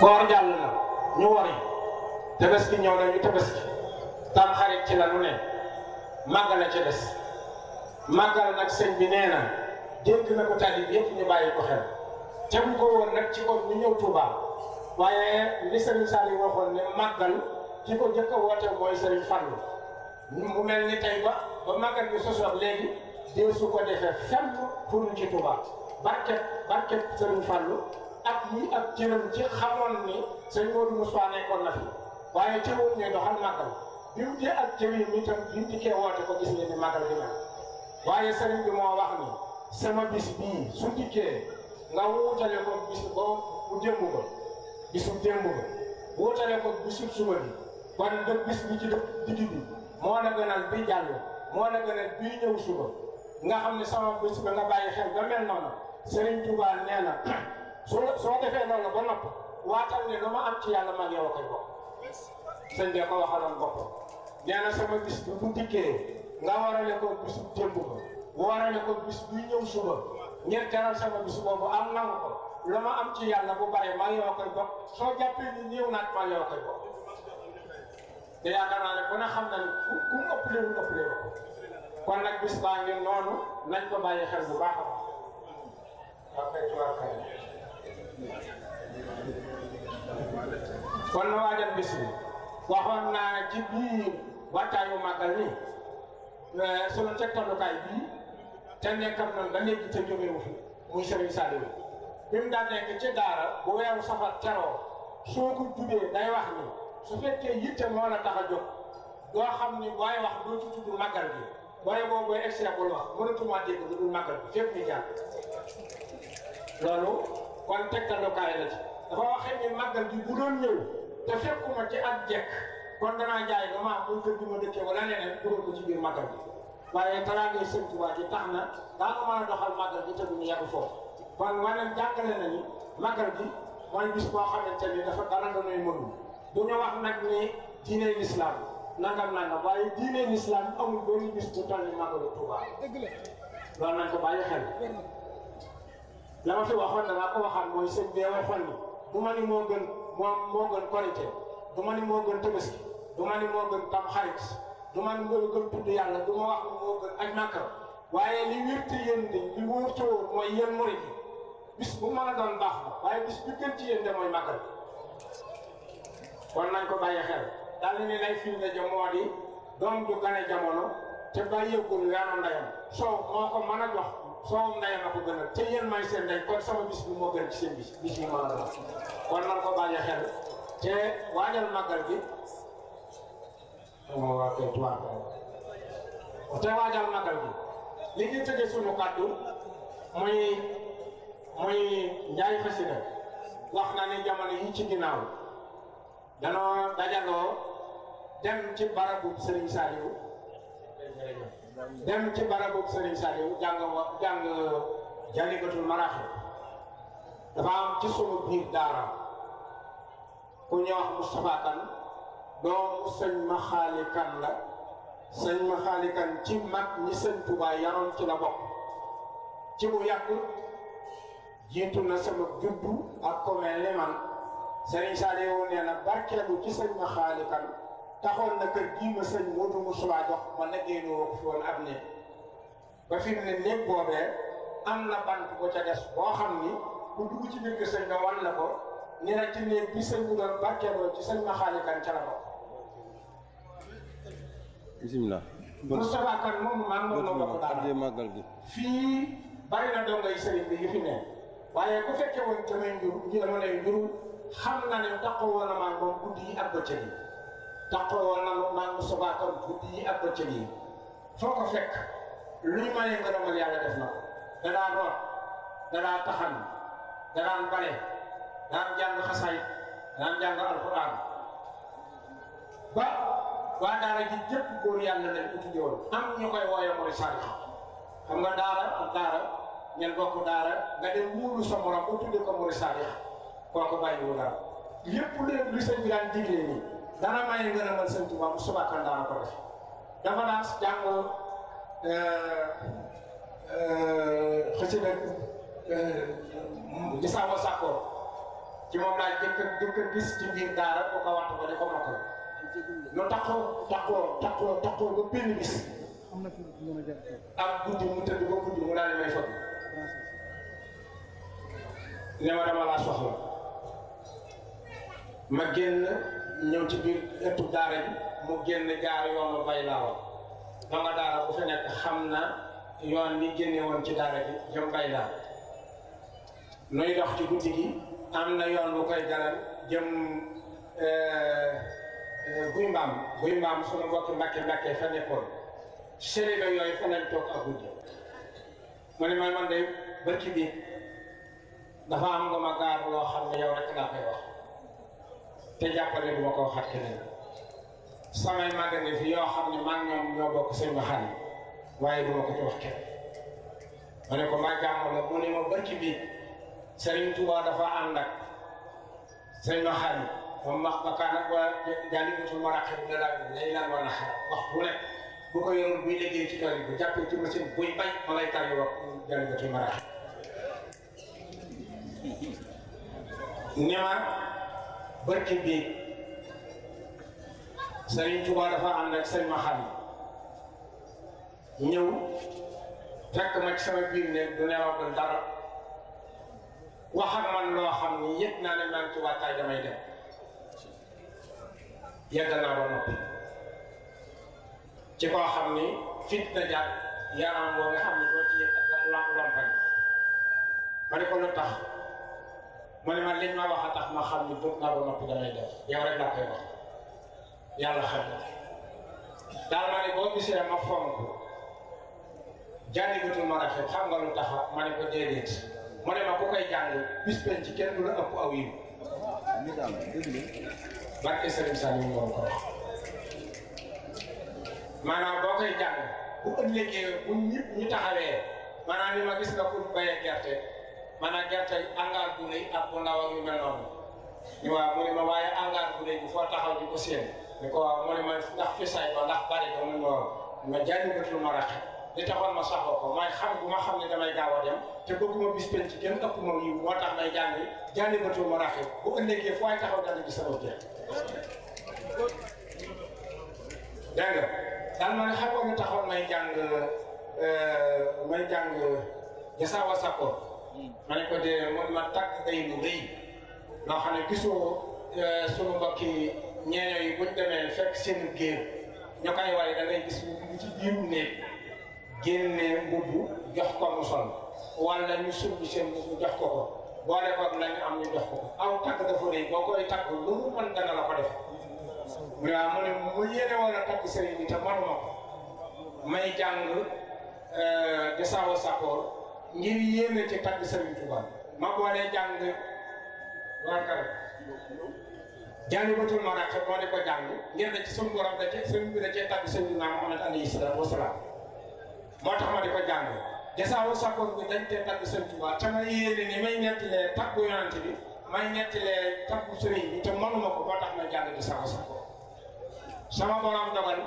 koor jàll na ñu wari tabaski ñëw na ñu tabaski tam xarit ci la nu ne màggal a ci màggal nag sëñ bi nee na dégg na ko taalib yépp ñu bàyyi ko xel tegu ko woon nag ci kon ñu ñëw Touba waaye li sëriñ Saliou waxoon ne màggal ci ko jëkk a woote mooy sëriñ Fallou mu mel ni tey ba ba màggal bi sosoot léegi dee su ko defee fenn pour ñu ci Touba barket barket sëriñ Fallou at yi ak jërëm ci xamoon ni sëñ Modou Moussa na fi waaye teewul ne doxal màggal bi mu jee ak jëriñ mi tam bi mu woote ko gis ngeen ni màggal di mel waaye sëriñ bi moo wax ni sama bis bii su dikkee nga wuutale ko bis ba bu démb ba bisu démb wuutale ko bisu suba bi kon dëkk bis bi ci dëkk digg bi moo la gënal bi moo la gënal bii ñëw suba nga xam ne sama bis ba nga bàyyi xel ba mel noonu sëriñ Touba nee soo soo defee noonu ba nopp waatal ne lu ma am ci yàlla man yow a koy bokk sëñ bi ko waxaloon boppam nee na sama bis bu mu dikkee nga warale ko bis ko warale ko bis buy ñëw suba ngeen jaral boobu am nangu ko am ci yàlla bu bare man yow a a koy bokk te yaakaar naa ne ku ne xam na ne ku ku mu ëppalee mu ko kon nag bis baa ngi noonu nañ ko bàyyi xel bu baax baax. kon na waajal bis bi waxoon naa ci biir waajtaayu màggal ni eh, sunu teg tollukaay bii te nekkam noonu ba léegi te jóge muy Serigne Saliou bi mu daan nekk ci daara bu weeru safar teroo soo ko jubee day wax ni su fekkee yitte moo la tax a jóg doo xam ni booy wax doo ci tudd màggal bi booy boo booy extrait bul wax mënatuma dégg lu dul màggal bi fépp ñu jàpp loolu kon tegtalukaay la ci dafa waxee ni màggal gi bu doon ñëw te fekkuma ci ab jekk kon danaa jaay ba ma muy kër gi ma dëkkee wala leneen dugal ko ci biir màggal gi waaye talaagee sëñ Tuubaa ji tax na daanu mën a doxal màggal gi te duñu yàgg foofu kon maanaam jàngale nañu màggal gi mooy bis boo xamante ni dafa dara dañuy mënu bu ñu wax nag ni diine lislaam nangam nangam waaye diine lislaam amul benn bis bu toll ni màggalu Tuubaa loolu nañ ko bàyyi xel la ma fi waxoon danaa ko waxaat mooy sëñ bi waxoon ni du ma ni moo gën moo gën korite du ma ni moo gën tëbaski du ma ni moo gën tam xarit du ma ni moo gën tudd yàlla du ma wax moo gën aj màkka waaye li wirti yéen di li wóor ci wóor mooy yéen murit bis bu mën a doon baax na waaye bis bi gën ci yéen mooy màggal kon nañ ko bàyyi xel daal ni lay firnde ja moo di doom du gane jamono te bàyyeegul weeru ndeyam soow moo ko mën a jox soo ndeyam a ko gën a te yéen may seen ndey kon sama bis bi moo gën ci seen bis bis bi maa la kon nan ko bàyyi bi moo waa kay tuwaat te waajal màggal li ñu tëjee suñu kàddu muy muy njaay xasida wax na ne jamono yi ci ginnaaw danoo dajaloo dem ci barabu Serigne Saliou dem ci barabu Serigne Saliou jàng wa jàng Jalikatul Maraaxib dafa am ci sunu biir daara ku ñuy wax Moustapha Kane doomu sëñ Maxaali Kane la sëñ Maxaali Kane ci mag ñi sëñ Tuubaa yaroon ci la bokk ci bu yàgg jiitu na sama juddu ak ko mel ni nee na barkeelu ci sëñ Maxaali Kane taxoon na kër gii ma sëñ Moodu Musaa jox ma nekkee ko fi woon ab néeg ba fi ne néeg boobee am na bant ko ca des boo xam ni ku dugg ci biir sëñ nga wan na ko ni la ci néeg bi sëñ bu doon barkeeloo ci sëñ ma xaalikan ca la ko. bisimilah. Moustapha Kane moom maa ngi doon bokk daal màggal gi. fii bari na dongay sëriñ bi yu fi ne waaye ku fekkee woon tamit njur ñu ne ma ne xam na ne taxawoon na maa moom guddi yi ak bëccëg yi. taqoo woon na maa ngi sobaatoon guddi yi ak bëccëg yi foo ko fekk luy maye ngërëmal yàlla def na ko danaa root danaa taxan danaan bale daan jàng xasaay daan jàng alquran ba waa daara ji jëpp góor yàlla lañ uti woon am ñu koy wooye mooy xam nga daara ak daara ngeen bokk daara nga dem muulu sa morom bu tudde ko bi dana maye ngërëmal sëñ Tuba bu subaa kan daana ko def dafa euh, euh, euh, daan soxla ma génn ñëw ci biir ëttu daara bi mu génn jaar yoonu bay laawa danga daara bu fa nekk xam na yoon li génne woon ci daara bi jëm bay laawa nuy dox ci guddi gi am na yoon bu koy garal jëm euh, euh, guy mbaam guy mbaam sunu mbokki mbàkke mbàkke fa nekkoon sëriñ yooyu fa lañ toog ak guddi mu ne may man de barki bi dafa am nga ma gaar loo xam ne yow rek laa koy wax te jàppale bu ma ko waxaat samay mag fi yoo xam ne man ñoom bokk seen waxaan waaye du ma wax kenn ma ne ko maa jàmm ma barki bi Serigne Touba dafa ànd ak seen waxaan moom wax ba kaan ak waa jàllikutul ma raqib dara lay lan war a xaar wax bu nekk bu ko yoroon buy liggéey ci kër ci buy bay ma lay tànn wax jàllikutul ma raqib ne barki biig Serigne Touba dafa ànd ak sëñ Maxam ñëw fekk ma ci sama biir ne du nelaw du dara wax ak man lo xam ni yëg naa ne man Touba tay damay dem yàgg na ba noppi ci ko xam ni fit na yaram boo nga xam ni doo ci yek ak lam lampañ ma ne ko lo tax mu ne man liñ ma wax a tax ma xam ni bëgg naa ba noppi damay def yow rek laa koy yàlla xam na daal nga lu tax ma ne ko déedéet mu ne ma ku koy jàng bu ëllëgee bu ñu taxawee maanaam ni ma gis nga pour bayee gerte maanaam gerte engrais bu rëy ak bu ndaw ak yu mel noonu ñu waaw mu ma waaye engrais bu rëy foo taxaw di ko séen ni ko waaw mu ndax fisaay ba ndax bari ba mu ne ma jànnibatul ma raqe ma saxoo ko xam bu damay gaaw a dem te bëgguma bis penc kenn may jàng euh, jànnibatul ma ma ne ko ma tàkk ay bu rëy loo xam ne gisoo euh, sunu mbokk yi ñeeñoo yi buñ demee fekk seen géer ñu koy waaye da ngay gis lu ci biir néeg mbubb jox ko mu sol wala ñu sumb seen mbubb jox ko ko boole ko lañ am ñu jox ko ko aw takk dafa rëy boo koy takk lu mu mën dana la ko def waaw mu ne mu yéene woon a takk sëriñ bi te manuma ko may jàng euh, de saawa sakoor ngir yéene ci tagg Sëriñ Tuubaa ma boole jàng ko jàng ngir ci suñu ma di ko jàng desaawu sakkoon bi dañ cee tagg ma ko moo sama borom dogal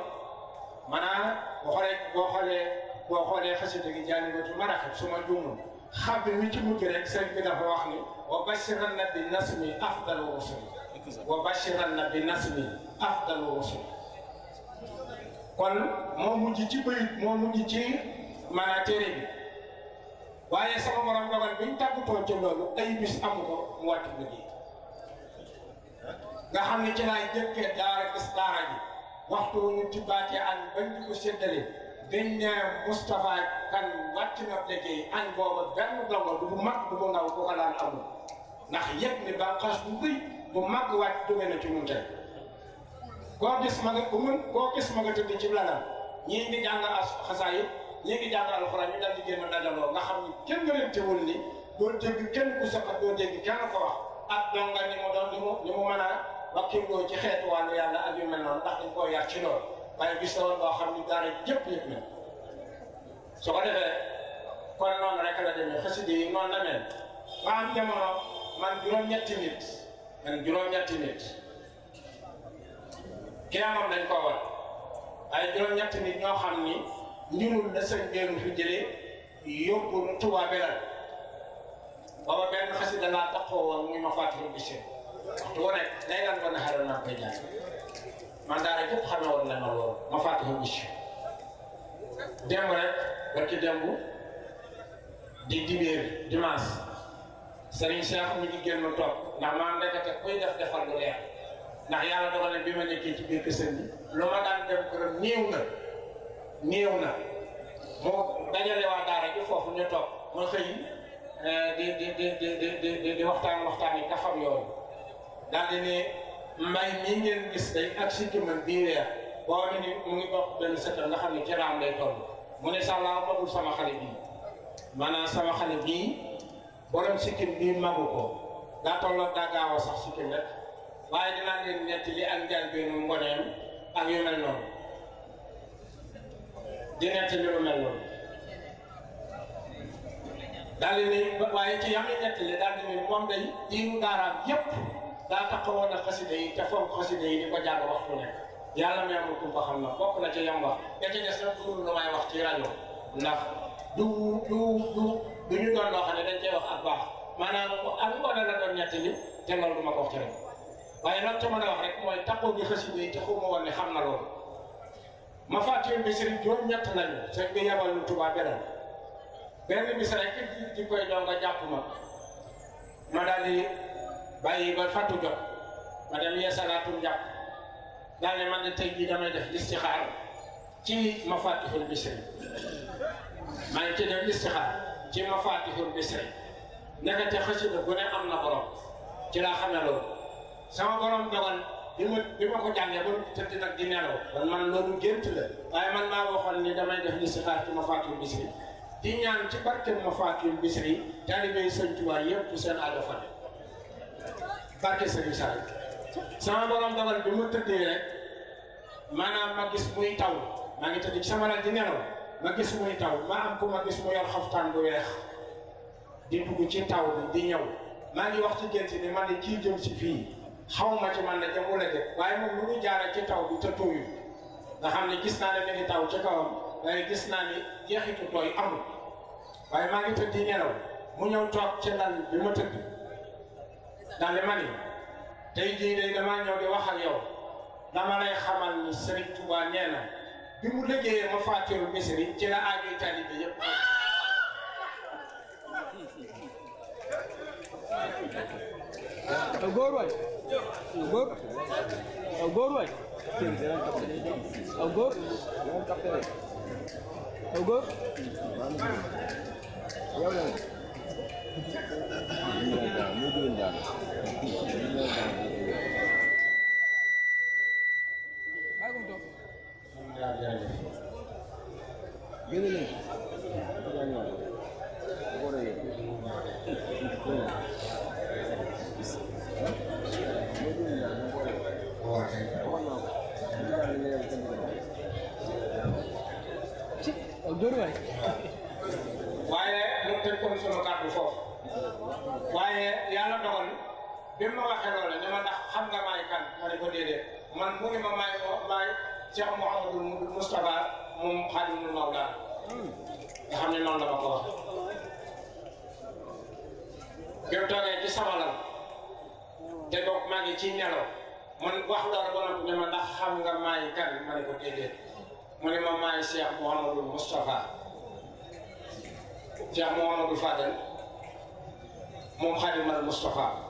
maanaam boo xoolee boo xoolee وقال يا حسن تجي جاني وجو مرحب سما جون خاب ميتي مجرى سن كده فواحني وبشرنا بالنسمة أفضل رسول وبشرنا بالنسمة أفضل رسول كون مو مجي تبي مو مجي تي ما نتري وايا سما مرام كمان بنتا كتو تجمعو أي بس أمو موات مجي غامني تلاي جكة دارك استاري وقتو نتباتي عن بنتو سيدلي dañ ne Moustapha Kane wàcc na liggéey añ booba benn ndongo du ko daan ndax yëpp ni bànqaas bu rëy bu mag wàcc duggee na ci ñun tey ko mën koo gis ma nga tëdd ci lanam ñii ngi jàng di génn dajaloo nga xam mu doon a wakkil doo ci xeetu yàlla ak yu ndax dañ koo yar ci loolu waaye gis na woon xam ni daara yëpp yëpp na su ko defee kon noonu rek la demee xasida noonu la mel ba am jamono man juróom-ñetti nit man juróom-ñetti nit kii amoon dañ ko war waaye juróom-ñetti nit ñoo xam ni njurul na sëñ beenu fi jëlee yóbbu nu Tuubaa beral booba benn xasida laa taxawoon muy ma fàttali gisee waxtu wu nekk day lan ko naxaroon naa koy man daara yëpp xamee woon na ma loolu ma fàtte ko wicc démb rek barki démb di dibeer dimanche Serigne Cheikh mi ngi génn toog ndax maam ndekete kuy def defal lu leer ndax yàlla dogal ne bi ma nekkee ci biir kësën bi lu ma daan dem këram néew na néew na moo dajale waa daara ji foofu ñu toog ma xëy eh, di di di di di di waxtaan waxtaan yi ka xam yooyu daal di ne mbay mii ngeen gis day ak si man bii weer boo mu ngi bokk benn setal nga xam ne ci raam lay toll mu ne sax laa bëggul sama xale bii maanaam sama xale bii borom sikkim bii magu ko daa tolloo daa gaaw a sax sikkim rek waaye dinaa leen ñetti li ak njaal beenu ngoneem ak yu mel noonu di ñetti li lu mel noonu daal di waaye ci yam yi ñetti li daal di ne moom day diiru daaraam yépp daa taxawoon ak xasida yi te foog xasida yi di ko jàng waxtu ne yàlla may amul ko xam na bokk na ci yam wax nga ci des nag lu may wax ci rajo ndax du du du ne dañ cee wax ak baax maanaam ak ngoone la li te loolu du ci rajo waaye nag te mën a wax rek mooy taxaw bi xasida yi te xuma woon ne xam na loolu ma fàttali bi sëriñ juróom ñett lañu sëriñ bi yabal ñu Tuubaa beneen benn bis rek di koy doon nga jàpp ma ma daal di bàyyi ba fàttu jot ma dem yeesalaatul njàpp daal ne man de tey jii damay def istixaar ci mafaatihul bisri maa ngi ci def istixaar ci mafaatihul bisri nekkati xasida bu ne am na borom ci laa xame loolu sama borom dogal bi ma bi ma ko jàngee ba tëdd nag di nelaw man man loolu gént la waaye man maa waxoon ni damay def istixaar ci mafaatihul bisri di ñaan ci barke mafaatihul bisri taalibe Sëñ Tuubaa yëpp seen àll fa barke Serigne Sall sama borom dogal bi ma tëddee rek maanaam ma gis muy taw maa ngi tëdd ci sama lal di nelaw ma gis muy taw ma am ku ma gis mu yor xaftaan bu weex di dugg ci taw bi di ñëw maa ngi wax ci gént ni man ne kii jëm ci fii xaw ma ci man la jëm wala jëm waaye moom lu ñu jaaree ci taw bi te tooyul nga xam ne gis naa ne mi ngi taw ci kawam waaye gis naa ni jeexitu tooy amul waaye maa ngi tëdd di nelaw mu ñëw toog ci lal bi ma tëdd. dande mani tey jii de damaa ñëw di wax ak yow dama lay xamal ni Serigne Touba nee na bi mu liggéeyee ma fàttiru misiri ci la aajuy taalibe yëpp góor waay góor góor waay góor góor yalla dogal bi ma waxee loola ne ma xam nga may kan mo ne ko déedéet man mo ne ma may maay maay Cheikh mohammed mustafa mom khadimul Mawla nga xam ne noonu la ma ko wax bi mu ci sama lal te boog maa ngi ci ñalo man wax lor ba noppi ne ma xam nga may kan mo ne ko déedéet mo ne ma may Cheikh Mouhamadul Moustapha Cheikh Mouhamadul Fadel moom xaadimal Moustapha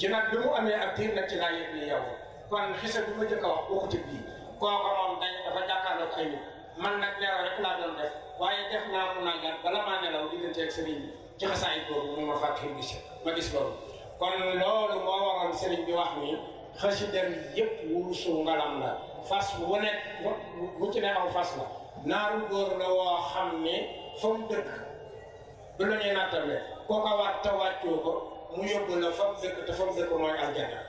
ci nag bi mu amee ak diir nag ci laa yëg ni yow kon xisa bi ma njëkk a wax waxtu bii kooka moom dañ dafa jàkkaarloog ay nit man nag leeral rek laa doon def waaye def naa ko naa jàpp bala maa nelaw digganteeg sëriñ bi ci xasaay boobu mu ma fàttali gis ma gis loolu kon loolu moo waroon sëriñ bi wax ni xasidam yëpp wurusu ngalam la fas wu nekk wu ci ne aw fas la naaru góor la woo xam ne fa mu dëkk du la ñuy nattale ko awaat te wàccoo ko mu yóbbu la fam dëkk te fam dëkk mooy aljana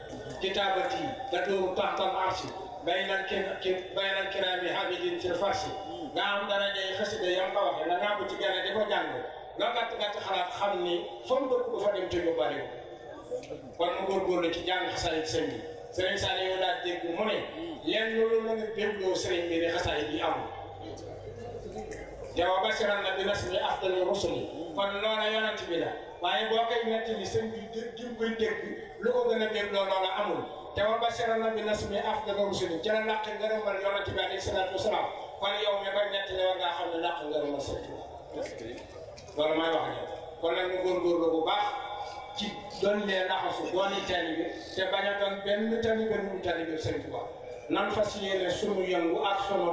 kitaabat yi gatuuru taxtal arsi bay nan ki bay nan kiraami habidin fil farsi nga am dara jay xasida yam ko waxe la ngaa bu ci gane di ko jàng loo gàtt gàtt xalaat xam ni fam dëkk du fa dem te ñu mu góorgóorlu ci jàng xasaayid sëñ bi sëriñ Sane yow daal dégg mu ne lenn loolu bi ne xasaayid yi amul jawa basiran na kon loola yonent bi la waaye boo koy nett li sëñ bi jim koy dégg lu ko gën a dégg loolu amul te wa bashara na bi nas mi afdala rusuli ci la làq ngërëmal yonent bi alayhi salaatu wasalaam kon yow mi koy nett li war ngaa xam ne làq ngërëmal sëñ bi loolu may wax ne kon nag ñu góorgóorlu ci doon lee laxasu dooni taalibe te bañ a doon benn taalibe benn taalibe sëñ Tuubaa nan fas ak sunu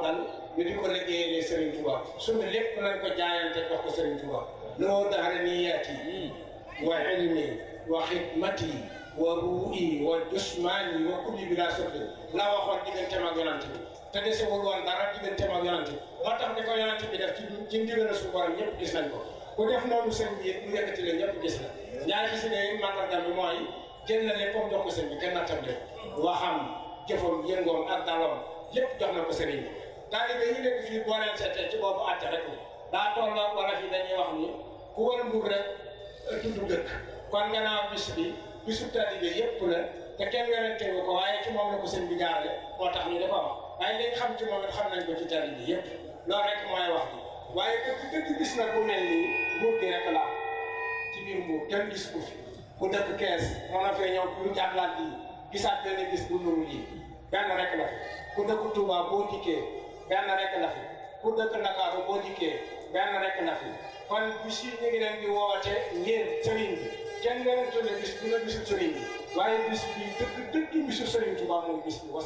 dal ñu di ko liggéeyee Serigne Touba suñu lépp nañ ko jaayante jox ko Serigne Touba نور نياتي وعلمي وخدمتي وروحي وجسماني وكل بلا سبب لا waxoon diggante ma ak yonante bi te desewul woon dara diggante ma ak yonante bi moo tax ni ko yonante bi def ci ci ndigal su borom ñëpp gis nañ ko ku def noonu sëñ bi it mu yëkkati la ñëpp gis na ñaari mooy jël na leen comme jox ko bi kenn nattam leen waxam jëfam yëngoom ak daloom lépp jox na ko sëriñ bi di ba ñu nekk fii boo seetee ci boobu àtte rek daa tolloog wala fi dañuy wax ni ku war mbub rek tudd dëkk kon gannaaw bis bi bisu taalibe yépp la te kenn werante ko waaye ci moom la ko sëñ bi jaarale moo tax ñu dafa wax waaye li nga xam ci moom it xam nañ ko ci taalibe yépp loolu rek mooy wax bi waaye dëgg dëgg gis na ku mel ni mbuur gi rek laa ci biir mbuur kenn gis a fee gis bu nuru lii benn rek la fi ku dëkk Touba boo dikkee benn rek la fi ku dëkk Ndakaaru boo dikkee benn rek na fi kon bis yi ñu ngi leen di woote ngeen sëriñ bi kenn ngeen tudde bis bu la bisu sëriñ bi waaye bis bi dëgg dëgg bisu sëriñ Tuubaa mooy